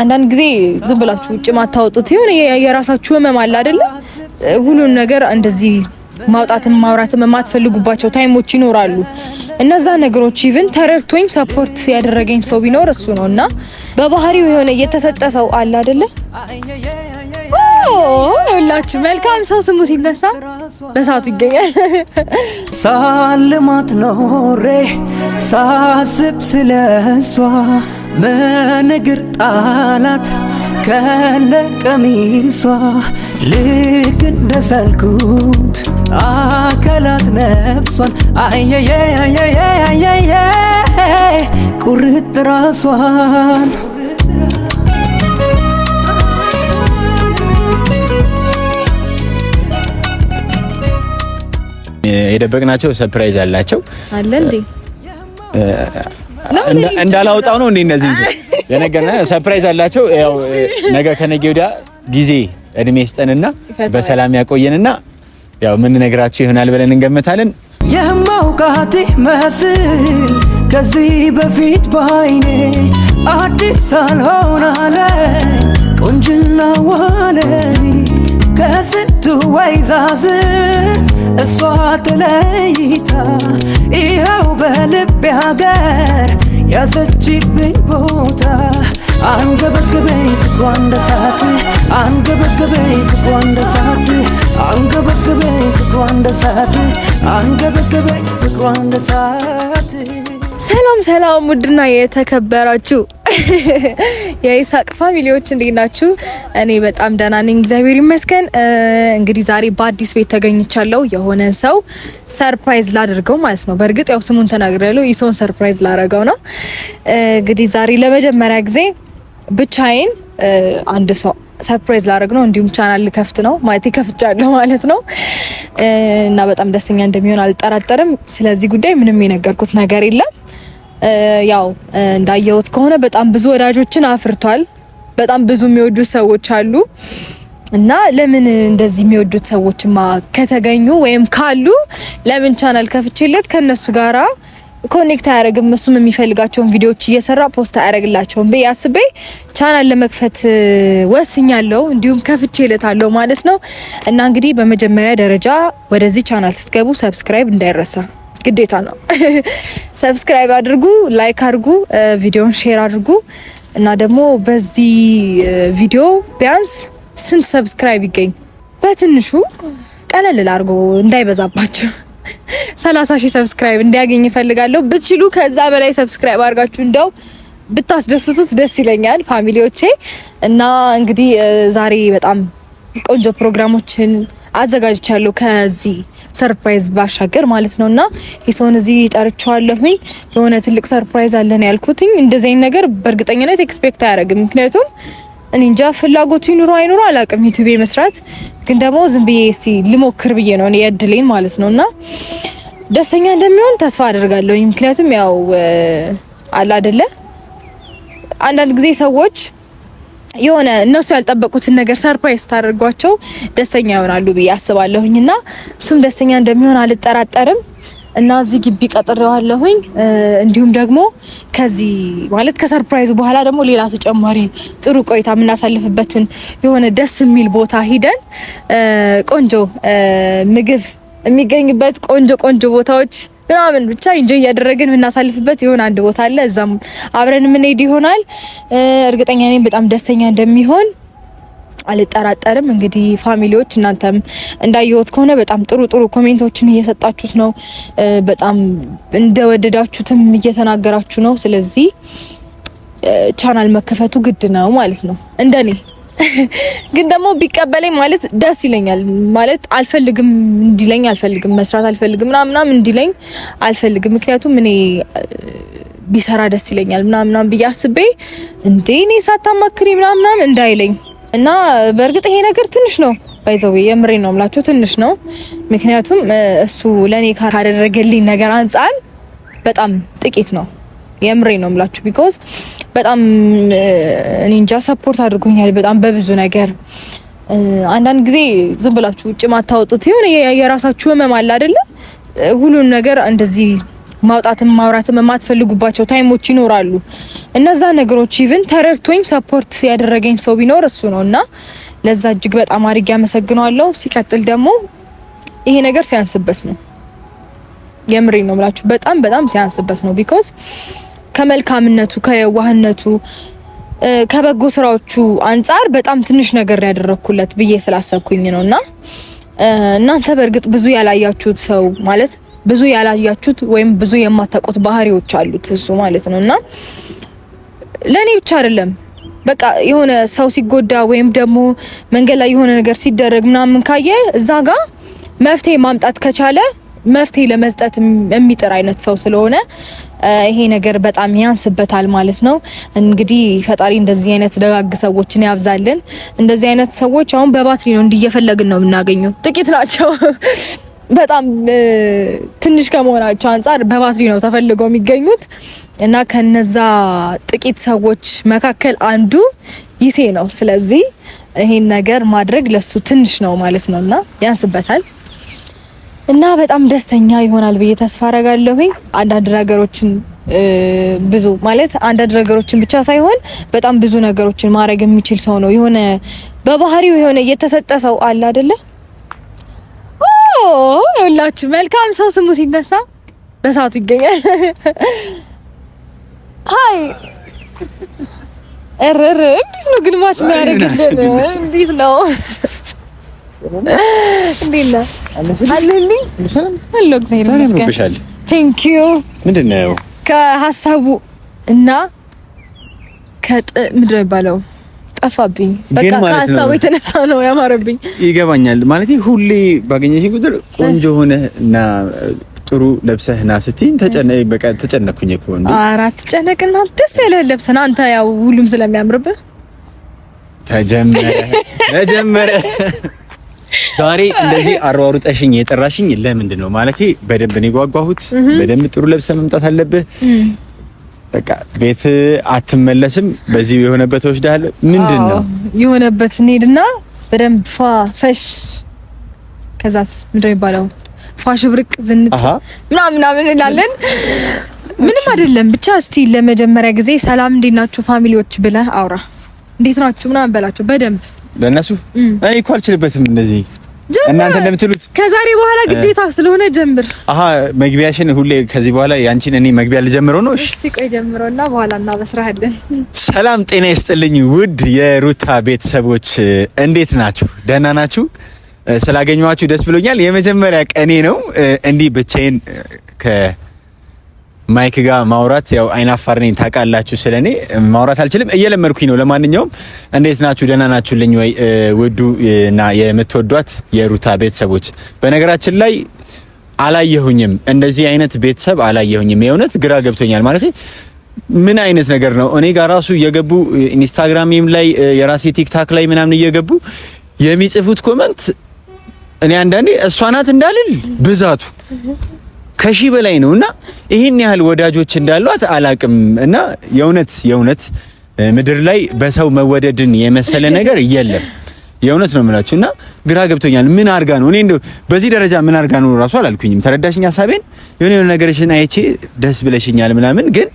አንዳንድ ጊዜ ዝም ብላችሁ ውጭ ማታወጡት ይሁን የራሳችሁ ህመም አለ አይደለ? ሁሉን ነገር እንደዚህ ማውጣትም ማውራትም የማትፈልጉባቸው ታይሞች ይኖራሉ። እነዛ ነገሮች ኢቭን ተረድቶኝ ሰፖርት ያደረገኝ ሰው ቢኖር እሱ ነው እና በባህሪው የሆነ እየተሰጠ ሰው አለ አይደለ? ሁላችሁ መልካም ሰው ስሙ ሲነሳ በሰዓቱ ይገኛል። ሳልማት ኖሬ ሳስብ እሷ በንግር ጣላት ከለ ቀሚሷ ልክ እንደሰልኩት አከላት ነፍሷን አየየየየየየ ቁርጥ ራሷን የደበቅናቸው ሰርፕራይዝ አላቸው አለ እንዴ? እንዳላውጣው ነው እንዴ? እነዚህ የነገርና ሰርፕራይዝ አላቸው። ያው ነገ ከነገ ወዲያ ጊዜ እድሜ ስጠንና በሰላም ያቆየንና ያው ምን ነግራችሁ ይሆናል ብለን እንገምታለን። የማውቃት መስል ከዚህ በፊት በአይኔ አዲስ ሳልሆን አለ ቁንጅና ዋለኒ ከስንቱ ወይዛዝር እሷ ተለይታ ይኸው በልቤ ሀገር ያዘችብኝ ቦታ አንገበገበኝ ፍቅሯ እንደ ሰዓት አንገበገበኝ ፍቅሯ እንደ ሰዓት አንገበገበኝ ፍቅሯ እንደ ሰዓት አንገበገበኝ ፍቅሯ እንደ ሰዓት ሰላም ሰላም፣ ውድና የተከበራችሁ የኢሳቅ ፋሚሊዎች እንዴት ናችሁ? እኔ በጣም ደህና ነኝ፣ እግዚአብሔር ይመስገን። እንግዲህ ዛሬ በአዲስ ቤት ተገኝቻለሁ። የሆነን ሰው ሰርፕራይዝ ላድርገው ማለት ነው። በእርግጥ ያው ስሙን ተናግሬያለሁ። ኢሶን ሰርፕራይዝ ላረገው ነው። እንግዲህ ዛሬ ለመጀመሪያ ጊዜ ብቻዬን አንድ ሰው ሰርፕራይዝ ላረግ ነው። እንዲሁም ቻናል ልከፍት ነው ማለት ከፍቻለሁ ማለት ነው። እና በጣም ደስተኛ እንደሚሆን አልጠራጠርም። ስለዚህ ጉዳይ ምንም የነገርኩት ነገር የለም ያው እንዳየሁት ከሆነ በጣም ብዙ ወዳጆችን አፍርቷል። በጣም ብዙ የሚወዱ ሰዎች አሉ እና ለምን እንደዚህ የሚወዱት ሰዎችማ ከተገኙ ወይም ካሉ ለምን ቻናል ከፍቼለት ከነሱ ጋራ ኮኔክት አያደርግም? እሱም የሚፈልጋቸውን ቪዲዮዎች እየሰራ ፖስት አያደርግላቸውም ብዬ አስቤ ቻናል ለመክፈት ወስኛለሁ። እንዲሁም አለው ማለት ነው። እና እንግዲህ በመጀመሪያ ደረጃ ወደዚህ ቻናል ስትገቡ ሰብስክራይብ እንዳይረሳ ግዴታ ነው። ሰብስክራይብ አድርጉ፣ ላይክ አድርጉ፣ ቪዲዮን ሼር አድርጉ እና ደግሞ በዚህ ቪዲዮ ቢያንስ ስንት ሰብስክራይብ ይገኝ በትንሹ ቀለል አድርጎ እንዳይበዛባችሁ ሰላሳ ሺህ ሰብስክራይብ እንዲያገኝ ይፈልጋለሁ። ብትችሉ ከዛ በላይ ሰብስክራይብ አድርጋችሁ እንደው ብታስደስቱት ደስ ይለኛል ፋሚሊዎቼ። እና እንግዲህ ዛሬ በጣም ቆንጆ ፕሮግራሞችን አዘጋጅቻለሁ ከዚህ ሰርፕራይዝ ባሻገር ማለት ነው። እና የሰውን እዚህ ጠርቼዋለሁኝ። የሆነ ትልቅ ሰርፕራይዝ አለን ያልኩትኝ እንደዚህ አይነት ነገር በእርግጠኝነት ኤክስፔክት አያደርግም። ምክንያቱም እኔ እንጃ ፍላጎቱ ይኑሮ አይኑሮ አላውቅም፣ ዩቲዩብ መስራት ግን ደግሞ ዝም ብዬ እስቲ ልሞክር ብዬ ነው እኔ የእድሌን ማለት ነው። እና ደስተኛ እንደሚሆን ተስፋ አደርጋለሁኝ። ምክንያቱም ያው አለ አይደለ አንዳንድ ጊዜ ሰዎች የሆነ እነሱ ያልጠበቁትን ነገር ሰርፕራይዝ ታደርጓቸው ደስተኛ ይሆናሉ ብዬ አስባለሁኝ እና እሱም ደስተኛ እንደሚሆን አልጠራጠርም። እና እዚህ ግቢ ቀጥሬዋለሁኝ። እንዲሁም ደግሞ ከዚህ ማለት ከሰርፕራይዙ በኋላ ደግሞ ሌላ ተጨማሪ ጥሩ ቆይታ የምናሳልፍበትን የሆነ ደስ የሚል ቦታ ሂደን ቆንጆ ምግብ የሚገኝበት ቆንጆ ቆንጆ ቦታዎች ምናምን ብቻ ኢንጆይ እያደረግን የምናሳልፍበት የሆነ አንድ ቦታ አለ። እዛም አብረን የምንሄድ ይሆናል። እርግጠኛ ነኝ በጣም ደስተኛ እንደሚሆን አልጠራጠርም። እንግዲህ ፋሚሊዎች እናንተም እንዳየሁት ከሆነ በጣም ጥሩ ጥሩ ኮሜንቶችን እየሰጣችሁት ነው። በጣም እንደወደዳችሁትም እየተናገራችሁ ነው። ስለዚህ ቻናል መከፈቱ ግድ ነው ማለት ነው እንደኔ ግን ደግሞ ቢቀበለኝ ማለት ደስ ይለኛል። ማለት አልፈልግም እንዲለኝ አልፈልግም፣ መስራት አልፈልግም ምናምን ምናምን እንዲለኝ አልፈልግም። ምክንያቱም እኔ ቢሰራ ደስ ይለኛል ምናምን ምናምን ብዬ አስቤ እንዴ እኔ ሳታማክሪ ምናምን ምናምን እንዳይለኝ እና በእርግጥ ይሄ ነገር ትንሽ ነው ባይዘው የምሬ ነው የምላቸው ትንሽ ነው። ምክንያቱም እሱ ለኔ ካደረገልኝ ነገር አንጻር በጣም ጥቂት ነው። የምሬ ነው የምላችሁ። ቢኮዝ በጣም እኔ እንጃ ሰፖርት አድርጎኛል በጣም በብዙ ነገር። አንዳንድ ጊዜ ዝም ብላችሁ ውጭ ማታወጡት ይሁን የራሳችሁ ህመም አለ አይደለ? ሁሉን ነገር እንደዚህ ማውጣትም ማውራትም የማትፈልጉባቸው ታይሞች ይኖራሉ። እነዛ ነገሮች ኢቭን ተረድቶኝ ሰፖርት ያደረገኝ ሰው ቢኖር እሱ ነው እና ለዛ እጅግ በጣም አድርጌ አመሰግነዋለሁ። ሲቀጥል ደግሞ ይሄ ነገር ሲያንስበት ነው የምሬ ነው ብላችሁ በጣም በጣም ሲያንስበት ነው ቢኮዝ ከመልካምነቱ፣ ከየዋህነቱ፣ ከበጎ ስራዎቹ አንጻር በጣም ትንሽ ነገር ያደረኩለት ብዬ ስላሰብኩኝ ነው እና እናንተ በእርግጥ ብዙ ያላያችሁት ሰው ማለት ብዙ ያላያችሁት ወይም ብዙ የማታውቁት ባህሪዎች አሉት እሱ ማለት ነው እና ለእኔ ብቻ አይደለም በቃ የሆነ ሰው ሲጎዳ ወይም ደግሞ መንገድ ላይ የሆነ ነገር ሲደረግ ምናምን ካየ እዛ ጋ መፍትሄ ማምጣት ከቻለ መፍትሄ ለመስጠት የሚጥር አይነት ሰው ስለሆነ ይሄ ነገር በጣም ያንስበታል ማለት ነው። እንግዲህ ፈጣሪ እንደዚህ አይነት ደጋግ ሰዎችን ያብዛልን። እንደዚህ አይነት ሰዎች አሁን በባትሪ ነው እንዲየፈለግን ነው የምናገኘው። ጥቂት ናቸው። በጣም ትንሽ ከመሆናቸው አንጻር በባትሪ ነው ተፈልገው የሚገኙት እና ከነዛ ጥቂት ሰዎች መካከል አንዱ ይሴ ነው። ስለዚህ ይሄን ነገር ማድረግ ለሱ ትንሽ ነው ማለት ነውና ያንስበታል። እና በጣም ደስተኛ ይሆናል ብዬ ተስፋ አረጋለሁኝ። አንዳንድ ነገሮችን ብዙ ማለት አንዳንድ ነገሮችን ብቻ ሳይሆን በጣም ብዙ ነገሮችን ማድረግ የሚችል ሰው ነው። የሆነ በባህሪው የሆነ የተሰጠ ሰው አለ አይደለ? ሁላችሁ መልካም ሰው ስሙ ሲነሳ በሰዓቱ ይገኛል። አይ እርር እንዴት ነው ግልማች የሚያደርግልን እንዴት ነው? እንዴት ነህ? ቴንክ ዩ። ምንድን ነው ከሀሳቡ እና ከጥ ምንድን የሚባለው ጠፋብኝ። በቃ ከሀሳቡ የተነሳ ነው ያማረብኝ። ይገባኛል ማለት ሁሌ ባገኘሽኝ ቁጥር ቆንጆ ሆነህ እና ጥሩ ለብሰህ ና ስትይ ተጨነቅኩኝ እኮ እንዴ። አራት ጨነቅና ደስ ያለህ ለብሰህ ና አንተ ያው ሁሉም ስለሚያምርብህ ተጀመረ ተጀመረ ዛሬ እንደዚህ አሯሩጠሽኝ የጠራሽኝ ለምንድን ነው ማለቴ፣ በደንብ ነው የጓጓሁት። በደንብ ጥሩ ለብሰ መምጣት አለብህ። በቃ ቤት አትመለስም። በዚህ የሆነበት ወስደሃል። ምንድን ነው የሆነበት? እንሂድና በደንብ ፈሽ፣ ከዛስ ምንድን ነው የሚባለው? ፋሽብርቅ ዝንጥ ምናምን ምናምን እንላለን። ምንም አይደለም። ብቻ እስቲ ለመጀመሪያ ጊዜ ሰላም እንዴት ናችሁ ፋሚሊዎች ብለህ አውራ። እንዴት ናችሁ ምናምን በላቸው በደንብ ለእነሱ። እኔ እኮ አልችልበትም እንደዚህ እናንተ እንደምትሉት ከዛሬ በኋላ ግዴታ ስለሆነ ጀምር። አሀ መግቢያሽን ሁሌ ከዚህ በኋላ ያንቺን እኔ መግቢያ ልጀምረው ነው። እሺ ቆይ ጀምረውና በኋላ እናበስራለን። ሰላም ጤና ይስጥልኝ ውድ የሩታ ቤተሰቦች እንዴት ናችሁ? ደህና ናችሁ? ስላገኘኋችሁ ደስ ብሎኛል። የመጀመሪያ ቀኔ ነው እንዲህ ብቻዬን ከ ማይክ ጋር ማውራት ያው አይናፋር ነኝ ታውቃላችሁ። ስለኔ ማውራት አልችልም፣ እየለመድኩኝ ነው። ለማንኛውም እንዴት ናችሁ? ደህና ናችሁልኝ ወይ? ውዱ እና የምትወዷት የሩታ ቤተሰቦች፣ በነገራችን ላይ አላየሁኝም፣ እንደዚህ አይነት ቤተሰብ አላየሁኝም። የእውነት ግራ ገብቶኛል ማለት ምን አይነት ነገር ነው? እኔ ጋር ራሱ እየገቡ ኢንስታግራምም ላይ የራሴ ቲክታክ ላይ ምናምን እየገቡ የሚጽፉት ኮመንት እኔ አንዳንዴ እሷ ናት እንዳልል ብዛቱ ከሺህ በላይ ነው እና ይህን ያህል ወዳጆች እንዳሏት አላቅም። እና የእውነት የእውነት ምድር ላይ በሰው መወደድን የመሰለ ነገር የለም። የእውነት ነው የምላችሁ እና ግራ ገብቶኛል። ምን አርጋ ነው እኔ እንደው በዚህ ደረጃ ምን አርጋ ነው ራሱ አላልኩኝም። ተረዳሽኝ? ሀሳቤን የሆነ የሆነ ነገርሽን አይቼ ደስ ብለሽኛል ምናምን፣ ግን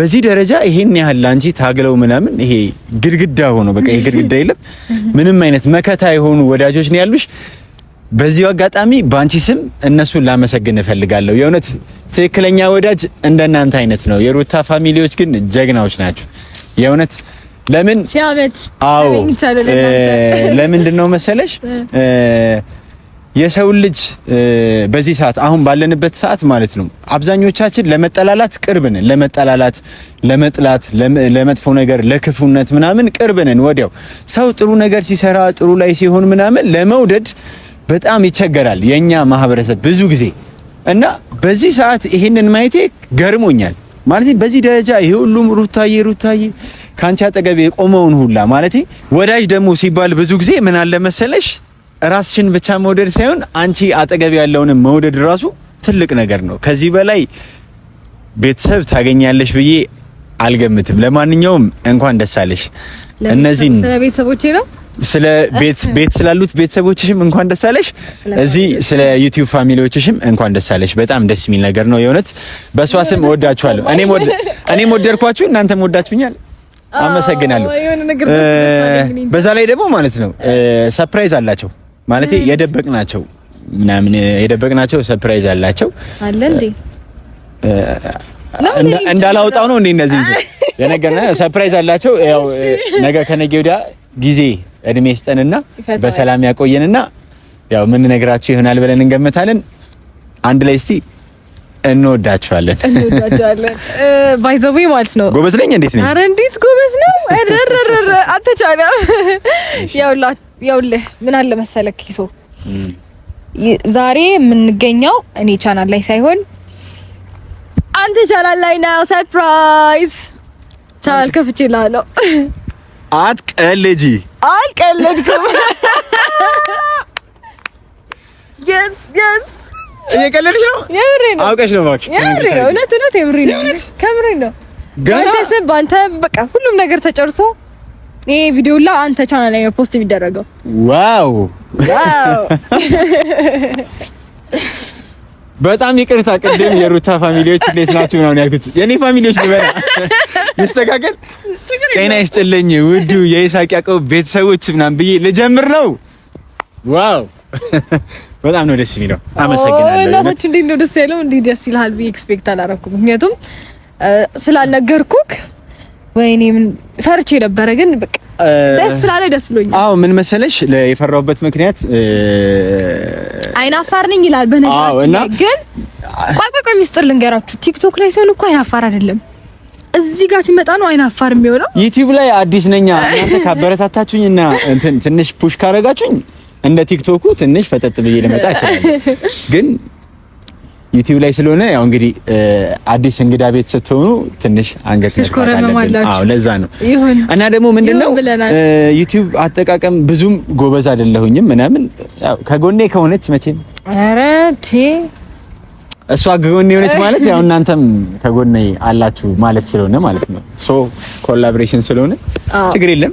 በዚህ ደረጃ ይሄን ያህል ላንቺ ታግለው ምናምን ይሄ ግድግዳ ሆኖ በቃ ይሄ ግድግዳ የለም ምንም አይነት መከታ የሆኑ ወዳጆች ነው ያሉሽ በዚሁ አጋጣሚ በአንቺ ስም እነሱን ላመሰግን እፈልጋለሁ። የእውነት ትክክለኛ ወዳጅ እንደናንተ አይነት ነው። የሩታ ፋሚሊዎች ግን ጀግናዎች ናቸው። የእውነት ለምን አዎ፣ ለምንድን ነው መሰለሽ የሰውን ልጅ በዚህ ሰዓት አሁን ባለንበት ሰዓት ማለት ነው አብዛኞቻችን ለመጠላላት ቅርብ ነን። ለመጠላላት፣ ለመጥላት፣ ለመጥፎ ነገር፣ ለክፉነት ምናምን ቅርብ ነን። ወዲያው ሰው ጥሩ ነገር ሲሰራ ጥሩ ላይ ሲሆን ምናምን ለመውደድ በጣም ይቸገራል የኛ ማህበረሰብ ብዙ ጊዜ እና በዚህ ሰዓት ይሄንን ማየቴ ገርሞኛል። ማለት በዚህ ደረጃ ይሄ ሁሉም ሩታዬ ሩታዬ ከአንቺ አጠገብ የቆመውን ሁላ ማለት ወዳጅ ደግሞ ሲባል ብዙ ጊዜ ምን አለ መሰለሽ ራስሽን ብቻ መውደድ ሳይሆን አንቺ አጠገብ ያለውን መውደድ ራሱ ትልቅ ነገር ነው። ከዚህ በላይ ቤተሰብ ታገኛለሽ ብዬ አልገምትም። ለማንኛውም እንኳን ደስ አለሽ። እነዚህን ስለ ቤተሰቦቼ ነው ስለ ቤት ቤት ስላሉት ቤተሰቦችሽም እንኳን ደስ አለሽ። እዚህ ስለ ዩቲዩብ ፋሚሊዎችሽም እንኳን ደስ አለሽ። በጣም ደስ የሚል ነገር ነው የእውነት። በእሷ ስም እወዳችኋለሁ። እኔም እኔም ወደድኳችሁ፣ እናንተም ወዳችሁኛል። አመሰግናለሁ። በዛ ላይ ደግሞ ማለት ነው ሰርፕራይዝ አላቸው ማለት የደበቅ ናቸው ምናምን የደበቅ ናቸው ሰርፕራይዝ አላቸው አለ እንዴ እንዳላውጣው ነው እንዴ እነዚህ የነገርና ሰርፕራይዝ አላቸው። ያው ነገ ከነገ ወዲያ ጊዜ እድሜ ይስጠንና በሰላም ያቆየንና ያው ነግራችሁ ይሆናል ብለን እንገምታለን። አንድ ላይ እስቲ እንወዳቸዋለን እንወዳቸዋለን። ማለት ነው። ጎበዝ ነኝ። እንዴት ነኝ? አረ እንዴት ጎበዝ ነው። ረረረረ አተቻለ ያውላ ያውለ ምን አለ መሰለክ ይሶ ዛሬ የምንገኘው እኔ ቻናል ላይ ሳይሆን አንተ ቻናል ላይ ነው። ሰርፕራይዝ ቻናል ከፍቼ ላለው አትቀልጂ አልቀለድኩም። የስ የስ እየቀለድሽ ነው። የምሬ ነው። አውቀሽ ነው እባክሽ። የምሬ ነው። እውነት እውነት፣ የምሬ ነው። ከምሬ ነው። በአንተ ስም በአንተ በቃ ሁሉም ነገር ተጨርሶ ይሄ ቪዲዮ ላ አንተ ቻናል ላይ ፖስት የሚደረገው ዋው ዋው በጣም ይቅርታ ቅድም የሩታ ፋሚሊዎች እንዴት ናችሁ ነው ያልኩት የኔ ፋሚሊዎች ልበላ ይስተካከል። ጤና ይስጥልኝ ውዱ የይሳቅ ያዕቆብ ቤተሰቦች ምናምን ብዬ ልጀምር ነው። ዋው በጣም ነው ደስ የሚለው። አመሰግናለሁ። እናቶች እንዴት ነው ደስ ያለው? እንዲህ ደስ ይልሃል ብዬ ኤክስፔክት አላረኩም፣ ምክንያቱም ስላልነገርኩክ ወይኔ ምን ፈርቼ ነበረ፣ ግን ደስ ስላለ ደስ ብሎኛል። አዎ ምን መሰለሽ የፈራሁበት ምክንያት አይናፋር ነኝ ይላል። በነገራችን ግን ቆይ ቆይ ቆይ ሚስጥር ልንገራችሁ። ቲክቶክ ላይ ሲሆን እኮ አይናፋር አይደለም እዚህ ጋር ሲመጣ ነው አይናፋር የሚሆነው። ዩቲዩብ ላይ አዲስ ነኛ። እናንተ ካበረታታችሁኝ እና እንትን ትንሽ ፑሽ ካረጋችሁኝ እንደ ቲክቶኩ ትንሽ ፈጠጥ ብዬ ልመጣ ይችላል ግን ዩቲዩብ ላይ ስለሆነ ያው እንግዲህ አዲስ እንግዳ ቤት ስትሆኑ ትንሽ አንገት ነው፣ ለዛ ነው። እና ደግሞ ምንድነው ዩቲዩብ አጠቃቀም ብዙም ጎበዝ አይደለሁኝም ምናምን ያው ከጎኔ ከሆነች መቼም ኧረ ቴ እሷ ከጎኔ የሆነች ማለት ያው እናንተም ከጎኔ አላችሁ ማለት ስለሆነ ማለት ነው። ሶ ኮላቦሬሽን ስለሆነ ችግር የለም።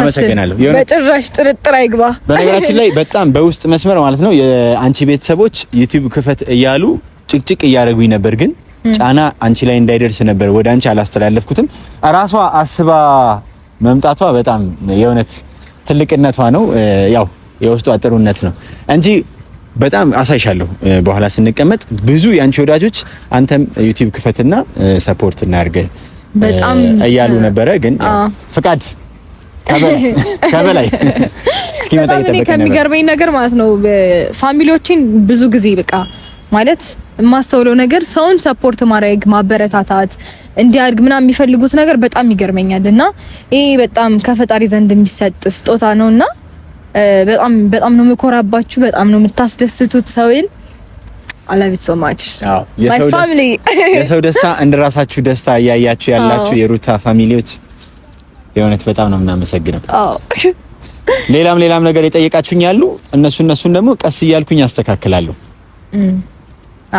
አመሰግናለሁ። በጭራሽ ጥርጥር አይግባ። በነገራችን ላይ በጣም በውስጥ መስመር ማለት ነው የአንቺ ቤተሰቦች ዩቲዩብ ክፈት እያሉ ጭቅጭቅ እያደረጉኝ ነበር፣ ግን ጫና አንቺ ላይ እንዳይደርስ ነበር ወደ አንቺ አላስተላለፍኩትም። ራሷ አስባ መምጣቷ በጣም የእውነት ትልቅነቷ ነው፣ ያው የውስጧ ጥሩነት ነው እንጂ በጣም አሳይሻለሁ። በኋላ ስንቀመጥ ብዙ የአንቺ ወዳጆች አንተም ዩቲዩብ ክፈትና ሰፖርት እናርገ በጣም እያሉ ነበረ፣ ግን ፍቃድ ከበላይ እስኪመጣ ከሚገርመኝ ነገር ማለት ነው ፋሚሊዎችን ብዙ ጊዜ በቃ ማለት የማስተውለው ነገር ሰውን ሰፖርት ማድረግ ማበረታታት እንዲያድግ ምናምን የሚፈልጉት ነገር በጣም ይገርመኛል። እና ይሄ በጣም ከፈጣሪ ዘንድ የሚሰጥ ስጦታ ነው እና በጣም በጣም ነው የምኮራባችሁ። በጣም ነው የምታስደስቱት ሰውን። አይ ሶ ማች ማይ ፋሚሊ። የሰው ደስታ እንደራሳችሁ ደስታ እያያችሁ ያላችሁ የሩታ ፋሚሊዎች የእውነት በጣም ነው የምናመሰግነው። ሌላም ሌላም ነገር የጠየቃችሁኝ ያሉ እነሱ እነሱን ደግሞ ቀስ እያልኩኝ አስተካክላለሁ።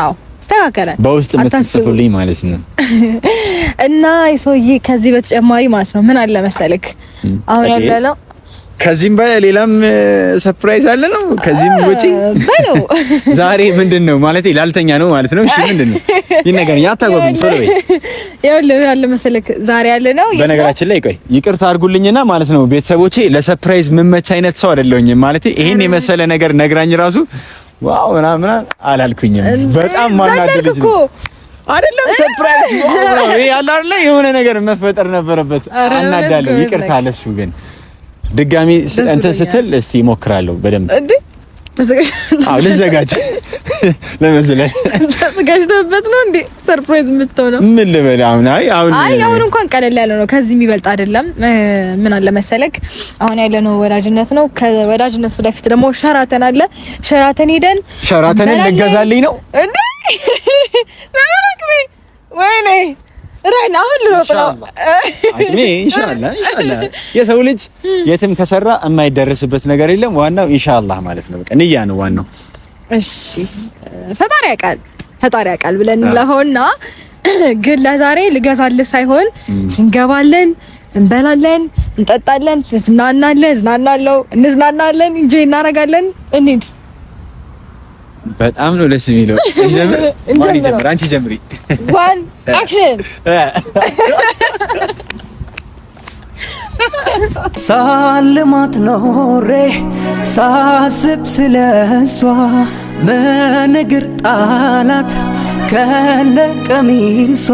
አዎ በውስጥ የምትጽፉልኝ ማለት ነው። እና የሰውዬ ከዚህ በተጨማሪ ማለት ነው ምን አለ መሰልክ አሁን ያለለው ከዚህም በላይ ሌላም ሰርፕራይዝ አለ ነው። ከዚህም ውጪ በለው ዛሬ ምንድን ነው ማለት ላልተኛ ነው ማለት ነው። እሺ ምንድን ነው ነገር ያታጓጉም ቶሎ ወይ ዛሬ ያለ ነው። በነገራችን ላይ ቆይ ይቅርታ አድርጉልኝና ማለት ነው ቤተሰቦቼ ለሰርፕራይዝ ምመች አይነት ሰው አይደለሁኝም ማለት ይሄን የመሰለ ነገር ነግራኝ ራሱ ዋው ምናምን አላልኩኝም። በጣም ማናገር ልጅ ነው አይደለም። ሰርፕራይዝ ነው ያለ አይደለ? የሆነ ነገር መፈጠር ነበረበት። አናዳለሁ፣ ይቅርታ ለሱ ግን ድጋሚ እንትን ስትል እስቲ እሞክራለሁ በደንብ ልዘጋጅ ለመዝለል ተዘጋጅተበት ነው እንዴ? ሰርፕራይዝ የምትሆነው ምን ልበል? አሁን አይ አሁን አይ አሁን እንኳን ቀለል ያለ ነው። ከዚህ የሚበልጥ አይደለም። ምን አለ መሰለክ፣ አሁን ያለነው ወዳጅነት ነው። ከወዳጅነት በፊት ደግሞ ሸራተን አለ። ሸራተን ሄደን ሸራተን ልገዛልኝ ነው እንዴ? ወይኔ ራይና አሁን ልሮጥነው አቅሜ ኢንሻአላህ ኢንሻአላህ። የሰው ልጅ የትም ከሰራ የማይደረስበት ነገር የለም። ዋናው ኢንሻአላህ ማለት ነው። በቃ ንያ ነው ዋናው። እሺ ፈጣሪ ያውቃል፣ ፈጣሪ ያውቃል ብለን ለሆና ግን ለዛሬ ልገዛልህ ሳይሆን እንገባለን፣ እንበላለን፣ እንጠጣለን፣ ትዝናናለህ፣ እዝናናለሁ፣ እንዝናናለን፣ እንጂ እናደርጋለን እንሂድ በጣም ነው ደስ የሚለው። እንጀምር እንጀምር። አንቺ ጀምሪ። ዋን አክሽን። ሳልማት ኖሬ ሳስብ ስለሷ መነግር ጣላት ከነ ቀሚሷ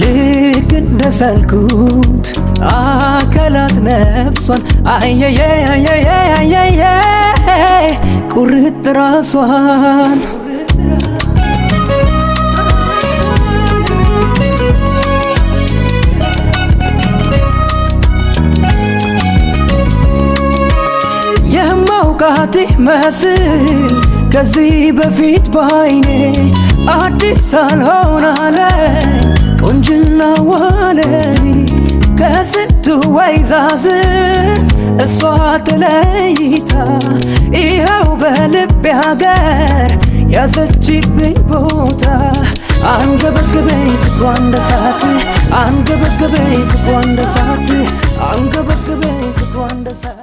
ልክ እንደሰልኩት አከላት ነፍሷን አየየየየየየ ቁርጥ ራሷን የማውቃት መስል ከዚህ በፊት ባይኔ አዲስ አልሆን አለ ቁንጅና ዋለኒ ወይዛዝርት እሷ ተለይታ ይኸው በልቤ ሀገር ያዘችብኝ ቦታ አንገበገበኝ ፍቅሯ እንደ እሳት አንገበገበኝ ፍቅሯ እንደ እሳት አንገበገበኝ ፍቅሯ እንደ እሳት